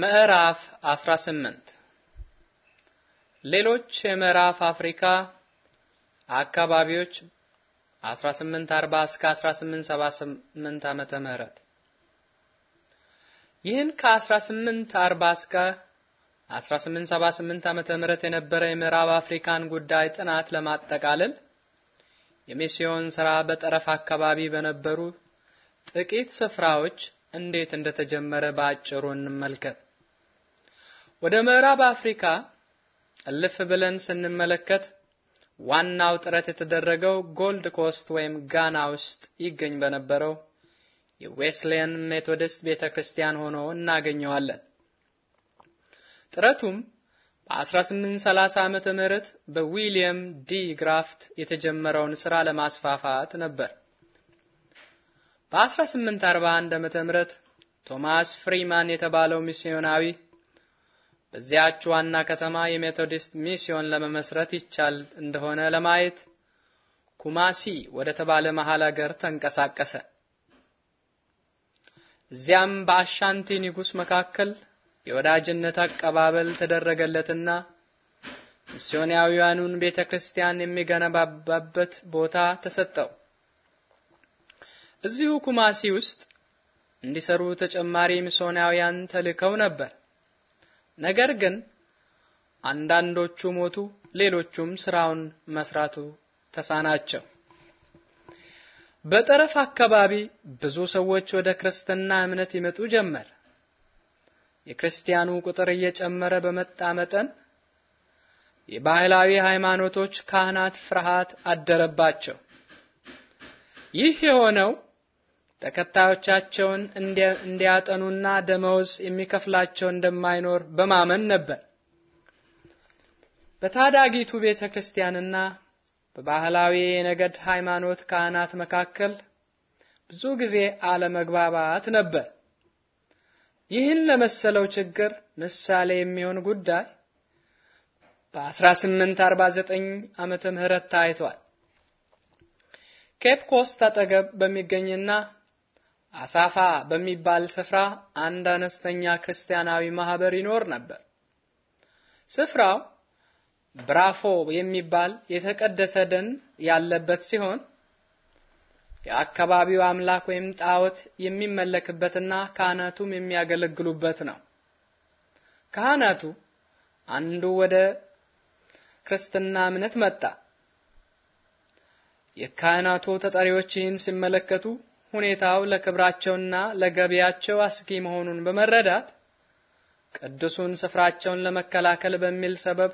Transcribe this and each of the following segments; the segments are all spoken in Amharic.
ምዕራፍ 18 ሌሎች የምዕራብ አፍሪካ አካባቢዎች 1840 እስከ 1878 ዓመተ ምህረት ይህን ከ1840 እስከ 1878 ዓመተ ምህረት የነበረ የምዕራብ አፍሪካን ጉዳይ ጥናት ለማጠቃለል የሚስዮን ስራ በጠረፍ አካባቢ በነበሩ ጥቂት ስፍራዎች እንዴት እንደተጀመረ በአጭሩ እንመልከት። ወደ ምዕራብ አፍሪካ እልፍ ብለን ስንመለከት ዋናው ጥረት የተደረገው ጎልድ ኮስት ወይም ጋና ውስጥ ይገኝ በነበረው የዌስሊያን ሜቶዲስት ቤተክርስቲያን ሆኖ እናገኘዋለን። ጥረቱም በ1830 ዓመተ ምህረት በዊሊየም ዲ ግራፍት የተጀመረውን ስራ ለማስፋፋት ነበር። በ1841 ዓመተ ምህረት ቶማስ ፍሪማን የተባለው ሚስዮናዊ በዚያች ዋና ከተማ የሜቶዲስት ሚስዮን ለመመስረት ይቻል እንደሆነ ለማየት ኩማሲ ወደ ተባለ መሃል አገር ተንቀሳቀሰ። እዚያም በአሻንቲ ንጉሥ መካከል የወዳጅነት አቀባበል ተደረገለትና ሚስዮናዊያኑን ቤተ ክርስቲያን የሚገነባባበት ቦታ ተሰጠው። እዚሁ ኩማሲ ውስጥ እንዲሰሩ ተጨማሪ ሚስዮናውያን ተልከው ነበር። ነገር ግን አንዳንዶቹ ሞቱ፣ ሌሎቹም ስራውን መስራቱ ተሳናቸው። በጠረፍ አካባቢ ብዙ ሰዎች ወደ ክርስትና እምነት ይመጡ ጀመር። የክርስቲያኑ ቁጥር እየጨመረ በመጣ መጠን የባህላዊ ሃይማኖቶች ካህናት ፍርሃት አደረባቸው። ይህ የሆነው ተከታዮቻቸውን እንዲያጠኑና ደመወዝ የሚከፍላቸው እንደማይኖር በማመን ነበር። በታዳጊቱ ቤተ ክርስቲያንና በባህላዊ የነገድ ሃይማኖት ካህናት መካከል ብዙ ጊዜ አለመግባባት ነበር። ይህን ለመሰለው ችግር ምሳሌ የሚሆን ጉዳይ በ1849 ዓመተ ምህረት ታይቷል። ኬፕ ኮስት አጠገብ በሚገኝና አሳፋ በሚባል ስፍራ አንድ አነስተኛ ክርስቲያናዊ ማህበር ይኖር ነበር። ስፍራው ብራፎ የሚባል የተቀደሰ ደን ያለበት ሲሆን የአካባቢው አምላክ ወይም ጣዖት የሚመለክበትና ካህናቱም የሚያገለግሉበት ነው። ካህናቱ አንዱ ወደ ክርስትና እምነት መጣ። የካህናቱ ተጠሪዎች ይህን ሲመለከቱ ሁኔታው ለክብራቸውና ለገቢያቸው አስጊ መሆኑን በመረዳት ቅዱሱን ስፍራቸውን ለመከላከል በሚል ሰበብ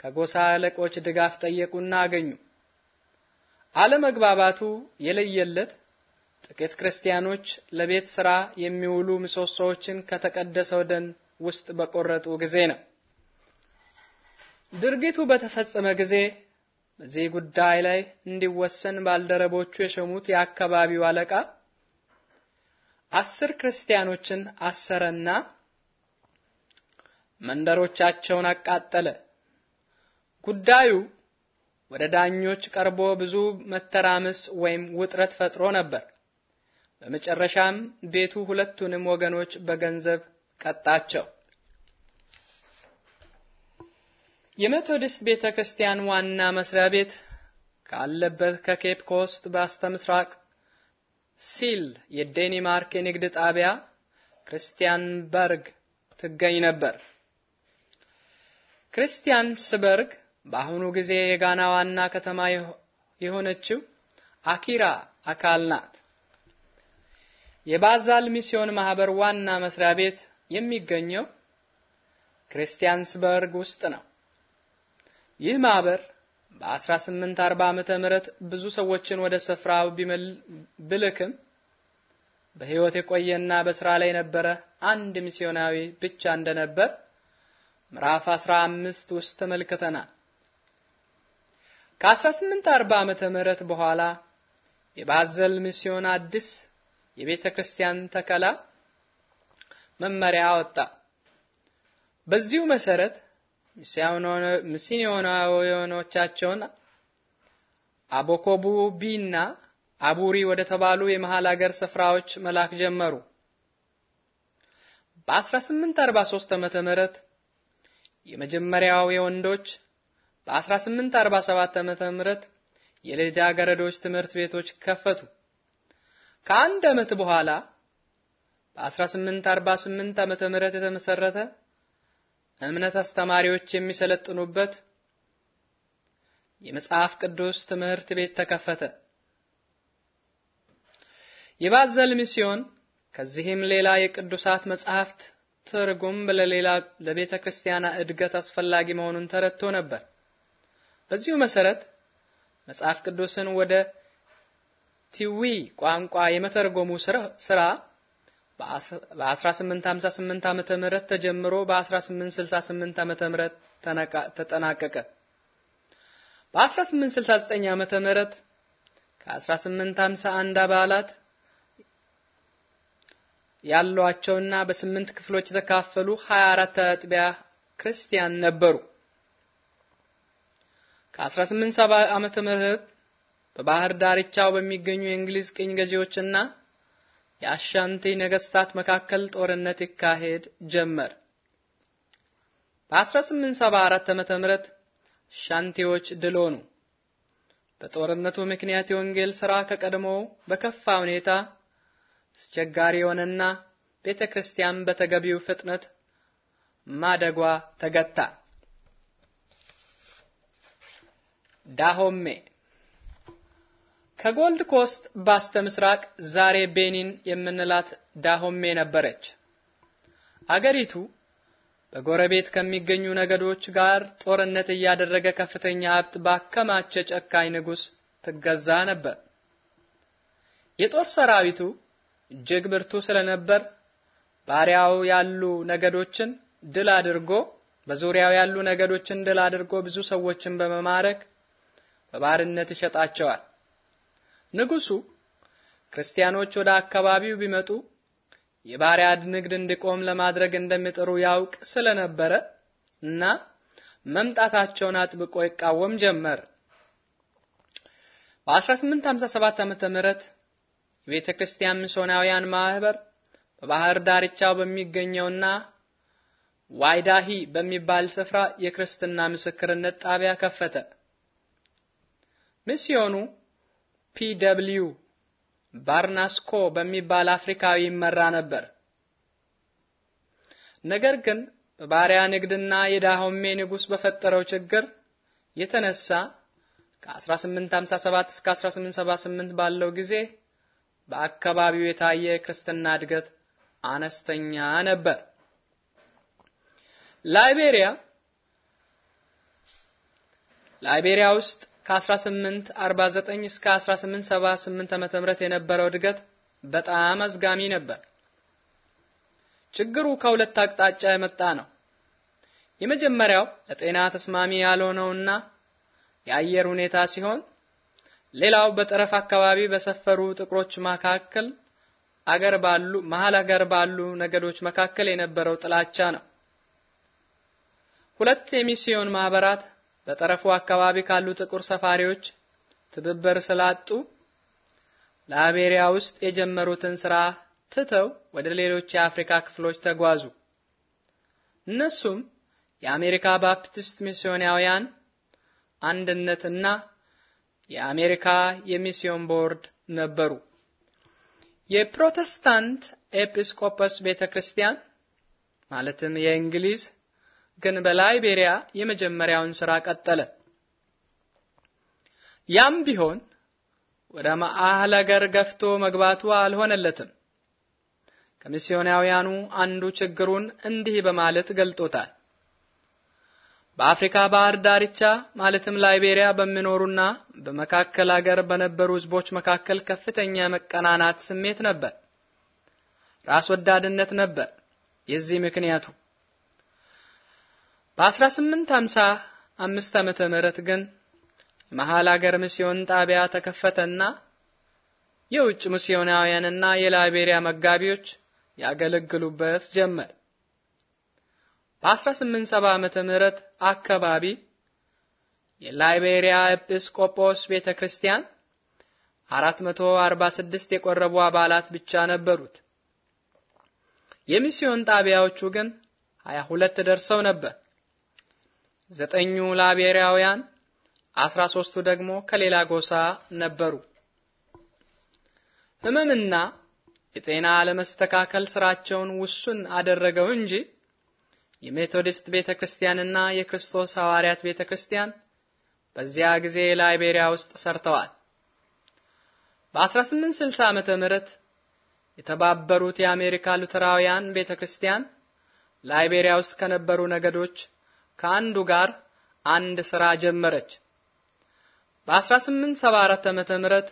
ከጎሳ አለቆች ድጋፍ ጠየቁና አገኙ። አለመግባባቱ የለየለት ጥቂት ክርስቲያኖች ለቤት ሥራ የሚውሉ ምሰሶዎችን ከተቀደሰው ደን ውስጥ በቆረጡ ጊዜ ነው። ድርጊቱ በተፈጸመ ጊዜ በዚህ ጉዳይ ላይ እንዲወሰን ባልደረቦቹ የሸሙት የአካባቢው አለቃ አስር ክርስቲያኖችን አሰረና መንደሮቻቸውን አቃጠለ። ጉዳዩ ወደ ዳኞች ቀርቦ ብዙ መተራመስ ወይም ውጥረት ፈጥሮ ነበር። በመጨረሻም ቤቱ ሁለቱንም ወገኖች በገንዘብ ቀጣቸው። የሜቶዲስት ቤተ ክርስቲያን ዋና መስሪያ ቤት ካለበት ከኬፕ ኮስት ምስራቅ ሲል የዴንማርክ የንግድ ጣቢያ ክርስቲያንበርግ ትገኝ ነበር። ክርስቲያንስበርግ በአሁኑ ጊዜ የጋና ዋና ከተማ የሆነችው አኪራ አካል ናት። የባዛል ሚስዮን ማህበር ዋና መስሪያ ቤት የሚገኘው ክርስቲያንስበርግ ውስጥ ነው። ይህ ማህበር በ1840 ዓመተ ምህረት ብዙ ሰዎችን ወደ ስፍራው ቢልክም በህይወት የቆየና በስራ ላይ የነበረ አንድ ሚስዮናዊ ብቻ እንደነበር ምዕራፍ 15 ውስጥ ተመልክተናል። ከ1840 ዓመተ ምህረት በኋላ የባዘል ሚስዮን አዲስ የቤተ ክርስቲያን ተከላ መመሪያ አወጣ። በዚሁ መሰረት ሚስዮናውያኖቻቸውን አቦኮቡቢና አቡሪ ወደ ተባሉ የመሃል አገር ስፍራዎች መላክ ጀመሩ። በ1843 ዓመተ ምህረት የመጀመሪያው የወንዶች በ1847 ዓመተ ምህረት የልጃገረዶች ትምህርት ቤቶች ከፈቱ። ከአንድ ዓመት በኋላ በ1848 ዓመተ ምህረት የተመሰረተ እምነት አስተማሪዎች የሚሰለጥኑበት የመጽሐፍ ቅዱስ ትምህርት ቤት ተከፈተ። የባዘል ሚስዮን ከዚህም ሌላ የቅዱሳት መጽሐፍት ትርጉም ለሌላ ለቤተ ክርስቲያና እድገት አስፈላጊ መሆኑን ተረድቶ ነበር። በዚሁ መሰረት መጽሐፍ ቅዱስን ወደ ቲዊ ቋንቋ የመተርጎሙ ስራ በ1858 ዓመተ ምህረት ተጀምሮ በ1868 ዓመተ ምህረት ተጠናቀቀ። በ1869 ዓመተ ምህረት ከ1851 አባላት ያሏቸውና በስምንት ክፍሎች የተካፈሉ 24 አጥቢያ ክርስቲያን ነበሩ። ከ1870 ዓመተ ምህረት በባህር ዳርቻው በሚገኙ የእንግሊዝ ቅኝ ገዢዎችና የአሻንቲ ነገስታት መካከል ጦርነት ይካሄድ ጀመር። በ1874 ዓመተ ምህረት ሻንቲዎች ድል ሆኑ። በጦርነቱ ምክንያት የወንጌል ሥራ ከቀድሞው በከፋ ሁኔታ አስቸጋሪ የሆነና ቤተ ክርስቲያን በተገቢው ፍጥነት ማደጓ ተገታ። ዳሆሜ ከጎልድ ኮስት ባስተ ምስራቅ ዛሬ ቤኒን የምንላት ዳሆሜ ነበረች። አገሪቱ በጎረቤት ከሚገኙ ነገዶች ጋር ጦርነት እያደረገ ከፍተኛ ሀብት ባከማቸ ጨካኝ ንጉሥ ትገዛ ነበር። የጦር ሰራዊቱ እጅግ ብርቱ ስለነበር ባሪያው ያሉ ነገዶችን ድል አድርጎ በዙሪያው ያሉ ነገዶችን ድል አድርጎ ብዙ ሰዎችን በመማረክ በባርነት ይሸጣቸዋል። ንጉሱ ክርስቲያኖች ወደ አካባቢው ቢመጡ የባሪያ ንግድ እንዲቆም ለማድረግ እንደሚጥሩ ያውቅ ስለነበረ እና መምጣታቸውን አጥብቆ ይቃወም ጀመር። በ1857 ዓመተ ምህረት የቤተ ክርስቲያን ሚስዮናውያን ማህበር በባህር ዳርቻው በሚገኘውና ዋይዳሂ በሚባል ስፍራ የክርስትና ምስክርነት ጣቢያ ከፈተ። ሚስዮኑ ፒደብሊው ባርናስኮ በሚባል አፍሪካዊ ይመራ ነበር። ነገር ግን በባሪያ ንግድና የዳሆሜ ንጉስ በፈጠረው ችግር የተነሳ ከ1857 እስከ 1878 ባለው ጊዜ በአካባቢው የታየ የክርስትና እድገት አነስተኛ ነበር። ላይቤሪያ ላይቤሪያ ውስጥ ከ1849 እስከ 1878 ዓመተ ምህረት የነበረው እድገት በጣም አዝጋሚ ነበር። ችግሩ ከሁለት አቅጣጫ የመጣ ነው። የመጀመሪያው ለጤና ተስማሚ ያልሆነውና የአየር ሁኔታ ሲሆን፣ ሌላው በጠረፍ አካባቢ በሰፈሩ ጥቁሮች መካከል አገር ባሉ መሀል አገር ባሉ ነገዶች መካከል የነበረው ጥላቻ ነው። ሁለት የሚስዮን ማህበራት በጠረፉ አካባቢ ካሉ ጥቁር ሰፋሪዎች ትብብር ስላጡ ላይቤሪያ ውስጥ የጀመሩትን ስራ ትተው ወደ ሌሎች የአፍሪካ ክፍሎች ተጓዙ። እነሱም የአሜሪካ ባፕቲስት ሚስዮናውያን አንድነት እና የአሜሪካ የሚስዮን ቦርድ ነበሩ። የፕሮቴስታንት ኤጲስቆጶስ ቤተክርስቲያን ማለትም የእንግሊዝ ግን በላይቤሪያ የመጀመሪያውን ስራ ቀጠለ። ያም ቢሆን ወደ መዓል ሀገር ገፍቶ መግባቱ አልሆነለትም። ከሚስዮናውያኑ አንዱ ችግሩን እንዲህ በማለት ገልጦታል። በአፍሪካ ባህር ዳርቻ ማለትም ላይቤሪያ በሚኖሩና በመካከል ሀገር በነበሩ ህዝቦች መካከል ከፍተኛ መቀናናት ስሜት ነበር። ራስ ወዳድነት ነበር የዚህ ምክንያቱ። በ1855 ዓመተ ምህረት ግን የመሃል አገር ሚስዮን ጣቢያ ተከፈተና የውጭ ሚስዮናውያንና የላይቤሪያ መጋቢዎች ያገለግሉበት ጀመር። በ1870 ዓመተ ምህረት አካባቢ የላይቤሪያ ኤጲስቆጶስ ቤተክርስቲያን 446 የቆረቡ አባላት ብቻ ነበሩት። የሚስዮን ጣቢያዎቹ ግን 22 ደርሰው ነበር። ዘጠኙ ላቤራውያን አስራ ሶስቱ ደግሞ ከሌላ ጎሳ ነበሩ። ሕመምና የጤና አለመስተካከል ስራቸውን ውሱን አደረገው እንጂ የሜቶዲስት ቤተክርስቲያንና የክርስቶስ ሐዋርያት ቤተክርስቲያን በዚያ ጊዜ ላይቤሪያ ውስጥ ሰርተዋል። በ1860 ዓመተ ምህረት የተባበሩት የአሜሪካ ሉተራውያን ቤተክርስቲያን ላይቤሪያ ውስጥ ከነበሩ ነገዶች ከአንዱ ጋር አንድ ስራ ጀመረች። በ1874 ዓመተ ምህረት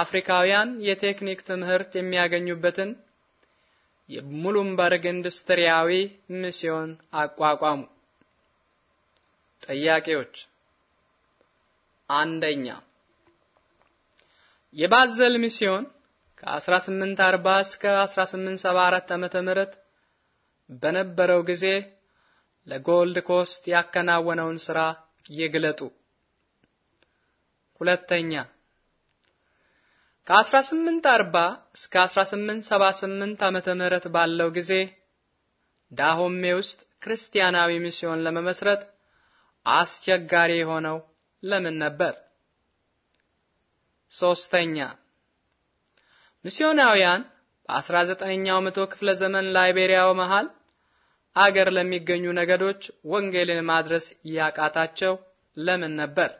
አፍሪካውያን የቴክኒክ ትምህርት የሚያገኙበትን የሙሉምበርግ ኢንዱስትሪያዊ ሚስዮን አቋቋሙ። ጥያቄዎች፣ አንደኛ የባዘል ሚስዮን ከ1840 እስከ 1874 ዓመተ ምህረት በነበረው ጊዜ ለጎልድ ኮስት ያከናወነውን ስራ ይግለጡ። ሁለተኛ ከ1840 እስከ 1878 ዓመተ ምህረት ባለው ጊዜ ዳሆሜ ውስጥ ክርስቲያናዊ ሚስዮን ለመመስረት አስቸጋሪ የሆነው ለምን ነበር? ሶስተኛ ሚስዮናውያን በ19ኛው መቶ ክፍለ ዘመን ላይቤሪያው መሃል አገር ለሚገኙ ነገዶች ወንጌልን ማድረስ ያቃታቸው ለምን ነበር?